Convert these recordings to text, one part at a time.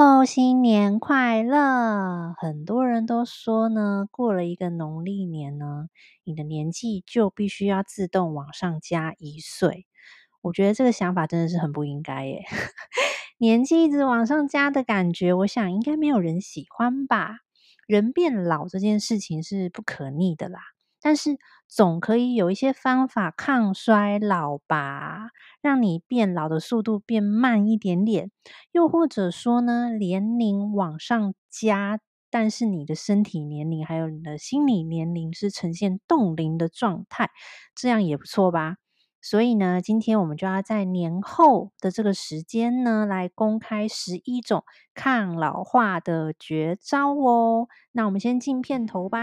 哈囉，新年快樂！很多人都說呢，過了一個農曆年呢，你的年紀就必須要自動往上加一歲。我覺得這個想法真的是很不應該耶， 年紀一直往上加的感覺，我想應該沒有人喜歡吧？人變老這件事情是不可逆的啦，但是。總可以有一些方法抗衰老吧，讓你變老的速度變慢一點點。又或者說呢，年齡往上加，但是你的身體年齡還有你的心理年齡是呈現凍齡的狀態，這樣也不錯吧。所以呢，今天我們就要在年後的這個時間呢，來公開十一種抗老化的絕招哦。那我們先進片頭吧。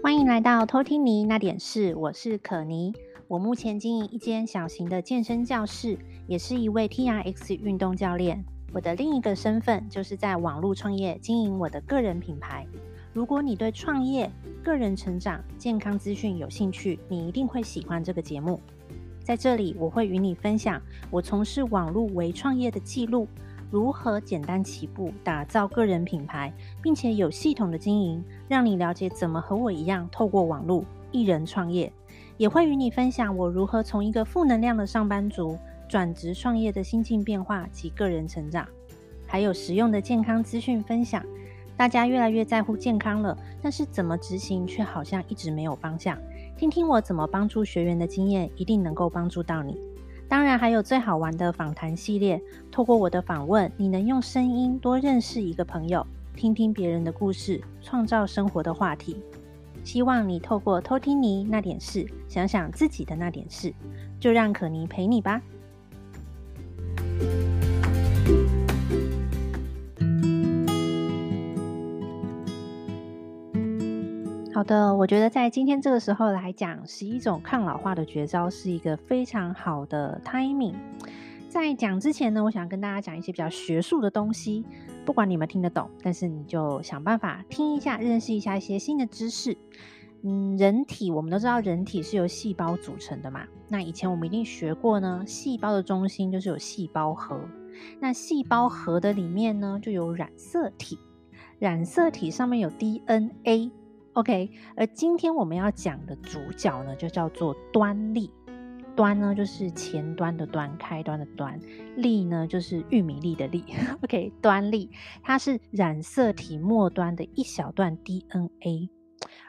歡迎來到偷聽妮那點事，我是可妮。我目前經營一間小型的健身教室，也是一位 TRX 運動教練。我的另一個身份就是在網絡創業經營我的個人品牌。如果你對創業、個人成長、健康資訊有興趣，你一定會喜歡這個節目。在這裡，我會與你分享我從事網絡微創業的記錄。如何簡單起步打造個人品牌，並且有系統的經營，讓你了解怎麼和我一樣透過網絡一人創業。也會與你分享我如何從一個負能量的上班族轉職創業的心境變化及個人成長，還有實用的健康資訊分享。大家越來越在乎健康了，但是怎麼執行卻好像一直沒有方向。聽聽我怎麼幫助學員的經驗，一定能夠幫助到你。當然，還有最好玩的訪談系列。透過我的訪問，你能用聲音多認識一個朋友，聽聽別人的故事，創造生活的話題。希望你透過偷聽妮那點事，想想自己的那點事，就讓可妮陪你吧。好的，我覺得在今天這個時候來講十一種抗老化的絕招是一個非常好的 timing。在講之前呢，我想跟大家講一些比較學術的東西，不管你們聽得懂，但是你就想辦法聽一下，認識一下一些新的知識。嗯，人體我們都知道，人體是由細胞組成的嘛。那以前我們一定學過呢，細胞的中心就是有細胞核。那細胞核的裡面呢，就有染色體，染色體上面有 DNA。OK，而今天我們要講的主角呢，就叫做端粒。端呢，就是前端的端，開端的端；粒呢，就是玉米粒的粒。OK，端粒它是染色體末端的一小段 DNA。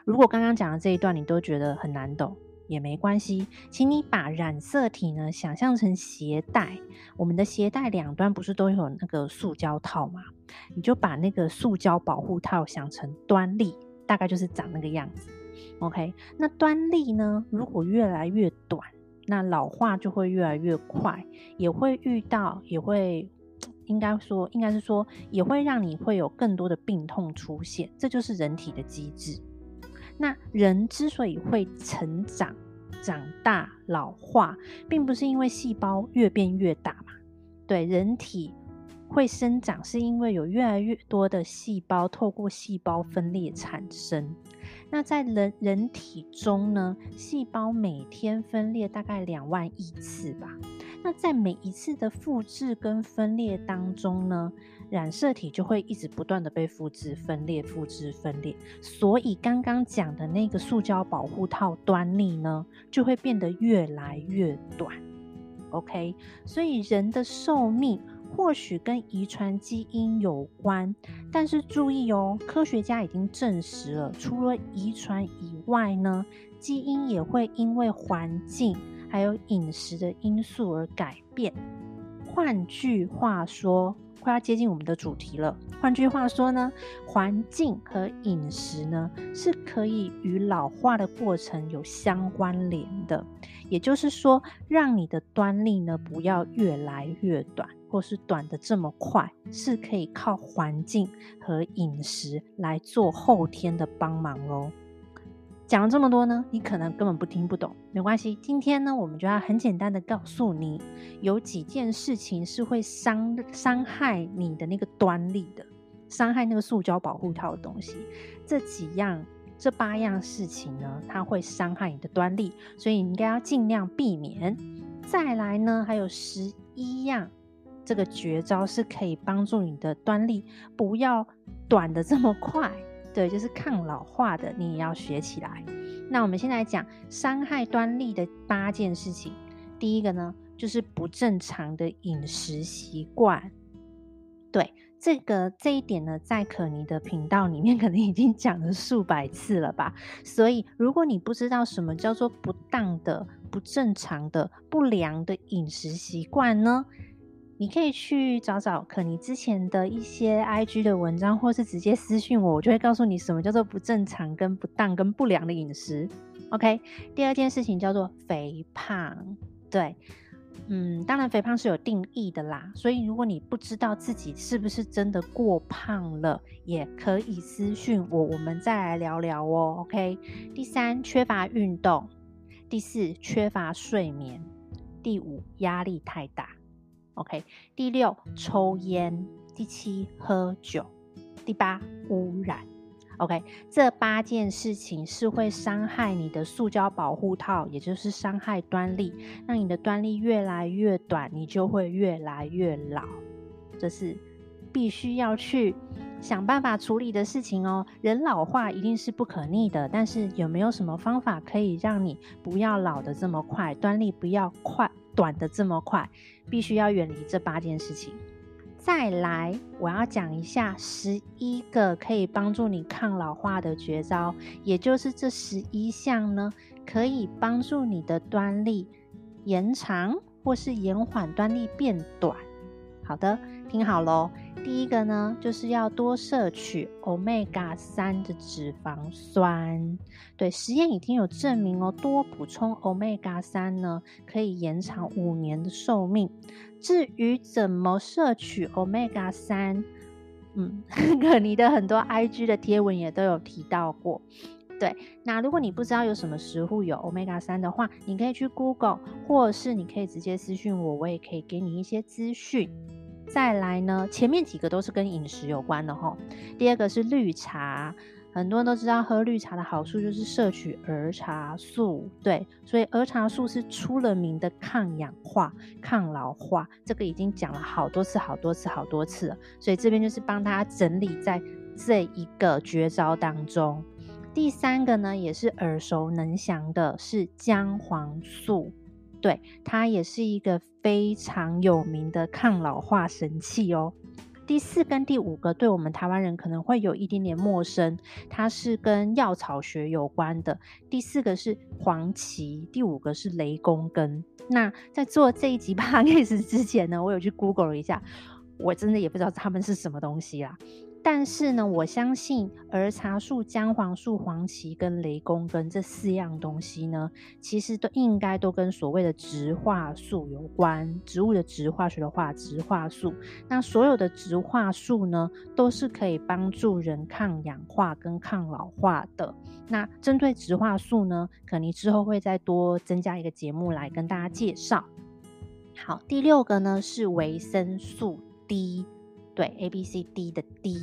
如果剛剛講的這一段你都覺得很難懂，也沒關係，請你把染色體呢想象成鞋帶，我們的鞋帶兩端不是都有那個塑膠套嗎？你就把那個塑膠保護套想成端粒。大概就是長那個樣子，OK。那端粒呢，如果越來越短，那老化就會越來越快，也會遇到，也會，應該說，應該是說，也會讓你會有更多的病痛出現。這就是人體的機制。那人之所以會成長、長大、老化，並不是因為細胞越變越大嘛？對，人體。會生長是因為有越來越多的細胞透過細胞分裂產生。那在人人體中呢，細胞每天分裂大概兩萬億次吧。那在每一次的複製跟分裂當中呢，染色體就會一直不斷地被複製、分裂、複製、分裂。所以剛剛講的那個塑膠保護套端粒呢，就會變得越來越短。OK，所以人的壽命。或許跟遺傳基因有關，但是注意哦，科學家已經證實了，除了遺傳以外呢，基因也會因為環境還有飲食的因素而改變。換句話說，快要接近我們的主題了。換句話說呢，環境和飲食呢是可以與老化的過程有相關聯的。也就是說，讓你的端粒呢不要越來越短。或是短的這麼快，是可以靠環境和飲食來做後天的幫忙哦。講了這麼多呢，你可能根本不聽不懂，沒關係。今天呢，我們就要很簡單的告訴你，有幾件事情是會傷傷害你的那個端粒的，傷害那個塑膠保護套的東西。這幾樣，這八樣事情呢，它會傷害你的端粒，所以你應該要盡量避免。再來呢，還有十一樣。這個絕招是可以幫助你的端粒不要短的這麼快，對，就是抗老化的，你也要學起來。那我們先來講傷害端粒的八件事情。第一個呢，就是不正常的飲食習慣。對，這個這一點呢，在可妮的頻道裡面可能已經講了數百次了吧。所以，如果你不知道什麼叫做不當的、不正常的、不良的飲食習慣呢？你可以去找找可妮之前的一些 IG 的文章，或是直接私訊我，我就會告訴你什麼叫做不正常、跟不當、跟不良的飲食。OK，第二件事情叫做肥胖，對，嗯，當然肥胖是有定義的啦，所以如果你不知道自己是不是真的過胖了，也可以私訊我，我們再來聊聊哦。OK，第三，缺乏運動；第四，缺乏睡眠；第五，壓力太大。OK，第六，抽煙，第七，喝酒，第八污染。OK，這八件事情是會傷害你的塑膠保護套，也就是傷害端粒，讓你的端粒越來越短，你就會越來越老。這是必須要去想辦法處理的事情哦。人老化一定是不可逆的，但是有沒有什麼方法可以讓你不要老得這麼快，端粒不要快？短的這麼快，必須要遠離這八件事情。再來，我要講一下十一個可以幫助你抗老化的絕招，也就是這十一項呢，可以幫助你的端粒延長或是延緩端粒變短。好的，聽好咯。第一個呢，就是要多攝取 omega 三的脂肪酸。對，實驗已經有證明哦，多補充 omega 三呢，可以延長五年的壽命。至於怎麼攝取 omega 三，嗯，可妮的很多 IG 的貼文也都有提到過。對，那如果你不知道有什麼食物有 omega 三的話，你可以去 Google，或者是你可以直接私訊我，我也可以給你一些資訊。再來呢，前面幾個都是跟飲食有關的吼。第二個是綠茶，很多人都知道喝綠茶的好處就是攝取兒茶素，對，所以兒茶素是出了名的抗氧化、抗老化。這個已經講了好多次、好多次、好多次了，所以這邊就是幫大家整理在這一個絕招當中。第三個呢，也是耳熟能詳的是薑黃素。對，它也是一個非常有名的抗老化神器哦。第四跟第五個，對我們台灣人可能會有一點點陌生，它是跟藥草學有關的。第四個是黃芪，第五個是雷公根。那在做這一集 podcast 之前呢，我有去 Google 了一下，我真的也不知道他們是什麼東西啦。但是呢，我相信兒茶素、薑黃素、黃芪跟雷公根這四樣東西呢，其實都應該都跟所謂的植化素有關。植物的植化學的話，植化素。那所有的植化素呢，都是可以幫助人抗氧化跟抗老化的。那針對植化素呢，可能之後會再多增加一個節目來跟大家介紹。好，第六個呢，是維生素 D。對，A、B、C、D 的 D，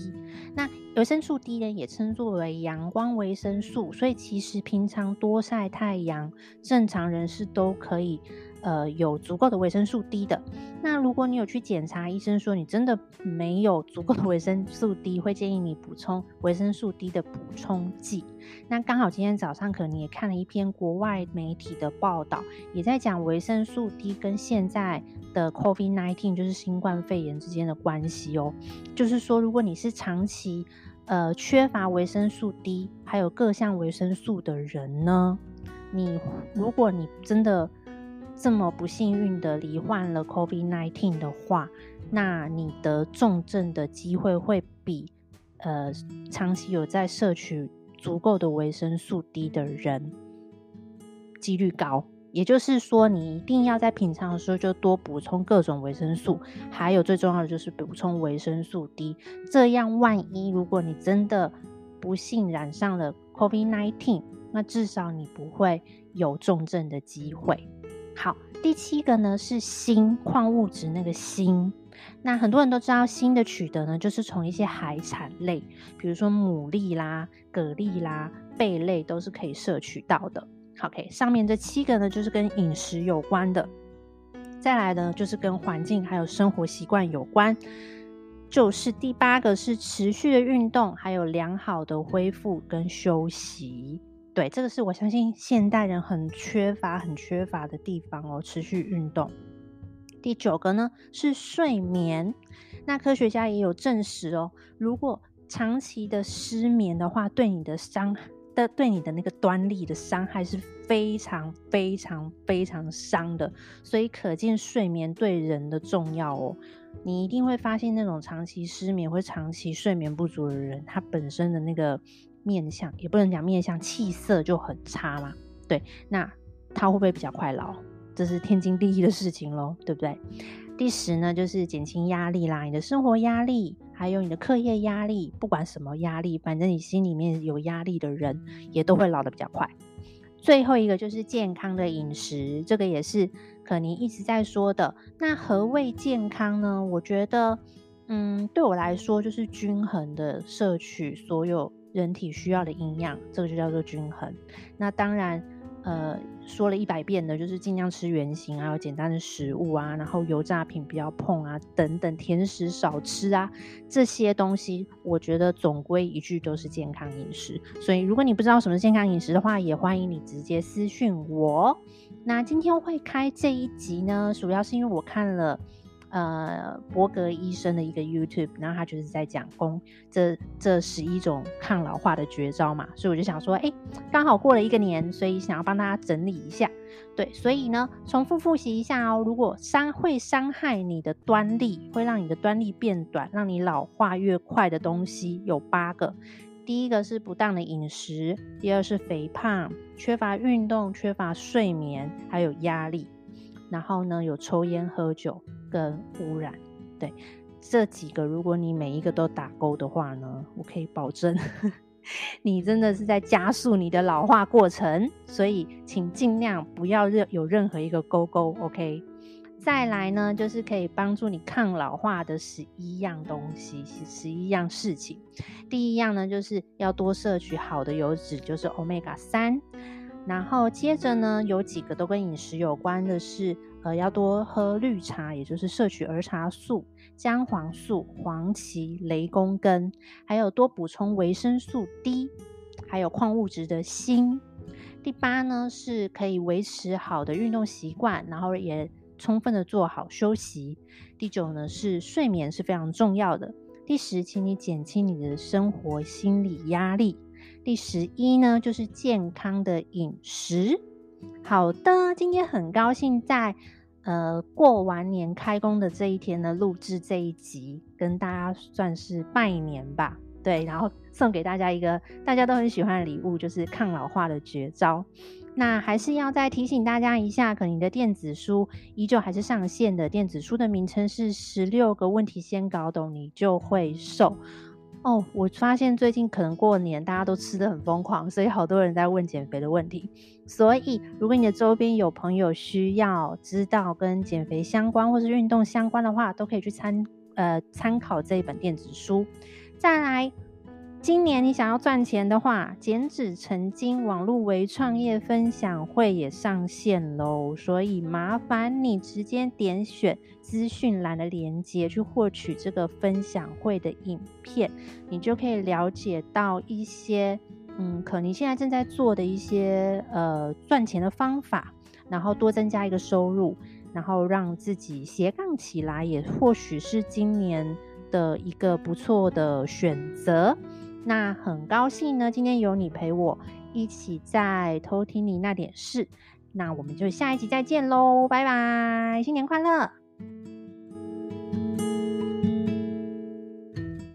那維生素 D 呢，也稱作為陽光維生素，所以其實平常多曬太陽，正常人是都可以，呃，有足夠的維生素 D 的。那如果你有去檢查，醫生說你真的沒有足夠的維生素 D，會建議你補充維生素 D 的補充劑。那剛好今天早上可能你也看了一篇國外媒體的報道，也在講維生素 D 跟現在的 COVID-19，就是新冠肺炎之間的關係哦。就是說，如果你是長期呃缺乏維生素 D 還有各項維生素的人呢，你如果你真的。這麼不幸運的罹患了 COVID-19 的話，那你得重症的機會會比呃長期有在攝取足夠的維生素 D 的人幾率高。也就是說，你一定要在平常的時候就多補充各種維生素，還有最重要的就是補充維生素 D。這樣，萬一如果你真的不幸染上了 COVID-19，那至少你不會有重症的機會。好，第七個呢，是鋅礦物質，那個鋅。那很多人都知道，鋅的取得呢，就是從一些海產類，比如說牡蠣啦、蛤蜊啦、貝類都是可以攝取到的。OK，上面這七個呢，就是跟飲食有關的。再來呢，就是跟環境還有生活習慣有關，就是第八個是持續的運動，還有良好的恢復跟休息。對，這個是我相信現代人很缺乏、很缺乏的地方哦。持續運動，第九個呢是睡眠。那科學家也有證實哦，如果長期的失眠的話，對你的傷的對你的那個端粒的傷害是非常、非常、非常傷的。所以可見睡眠對人的重要哦。你一定會發現那種長期失眠或長期睡眠不足的人，他本身的那個。面相也不能講面相，氣色就很差嘛。對，那他會不會比較快老？這是天經地義的事情嘍，對不對？第十呢，就是減輕壓力啦，你的生活壓力，還有你的課業壓力，不管什麼壓力，反正你心裡面有壓力的人，也都會老得比較快。最後一個就是健康的飲食，這個也是可妮一直在說的。那何謂健康呢？我覺得，嗯，對我來說，就是均衡的攝取所有。人體需要的營養，這個就叫做均衡。那當然，呃，說了一百遍的就是盡量吃原型啊，還有簡單的食物啊，然後油炸品不要碰啊，等等，甜食少吃啊，這些東西我覺得總歸一句都是健康飲食。所以，如果你不知道什麼是健康飲食的話，也歡迎你直接私訊我。那今天會開這一集呢，主要是因為我看了。呃、嗯，博格醫生的一個 YouTube，然後他就是在講功這這十一種抗老化的絕招嘛，所以我就想說，哎，剛好過了一個年，所以想要幫大家整理一下，對，所以呢，重複復習一下哦。如果傷會傷害你的端粒，會讓你的端粒變短，讓你老化越快的東西有八個。第一個是不當的飲食，第二是肥胖，缺乏運動，缺乏睡眠，還有壓力。然後呢，有抽煙、喝酒跟污染，對，這幾個，如果你每一個都打勾的話呢，我可以保證，呵呵，你真的是在加速你的老化過程。所以，請盡量不要有任何一個勾勾。OK，再來呢，就是可以幫助你抗老化的十一樣東西，十一樣事情。第一樣呢，就是要多攝取好的油脂，就是 Omega 3。然後接着呢，有幾個都跟飲食有關的是，呃，要多喝綠茶，也就是攝取兒茶素、薑黃素、黃芪、雷公根，還有多補充維生素 D，還有礦物質的鋅。第八呢，是可以維持好的運動習慣，然後也充分的做好休息。第九呢，是睡眠是非常重要的。第十，請你減輕你的生活心理壓力。第十一呢，就是健康的飲食。好的，今天很高興在呃過完年開工的這一天呢，錄制這一集，跟大家算是拜年吧。對，然後送給大家一個大家都很喜歡的禮物，就是抗老化的絕招。那還是要再提醒大家一下，可能你的電子書依舊還是上線的，電子書的名稱是《十六個問題先搞懂，你就會瘦》。哦，我發現最近可能過年大家都吃得很瘋狂，所以好多人在問減肥的問題。所以，如果你的週邊有朋友需要知道跟減肥相關或是運動相關的話，都可以去參，呃，參考這一本電子書。再來。今年你想要賺錢的話，減脂成金網絡微創業分享會也上線嘍。所以麻煩你直接點選資訊欄的鏈接去獲取這個分享會的影片，你就可以了解到一些嗯，可能你現在正在做的一些呃賺錢的方法，然後多增加一個收入，然後讓自己斜槓起來，也或許是今年的一個不錯的選擇。那很高興呢，今天有你陪我一起在偷聽妮那點事，那我們就下一集再見嘍，拜拜，新年快樂！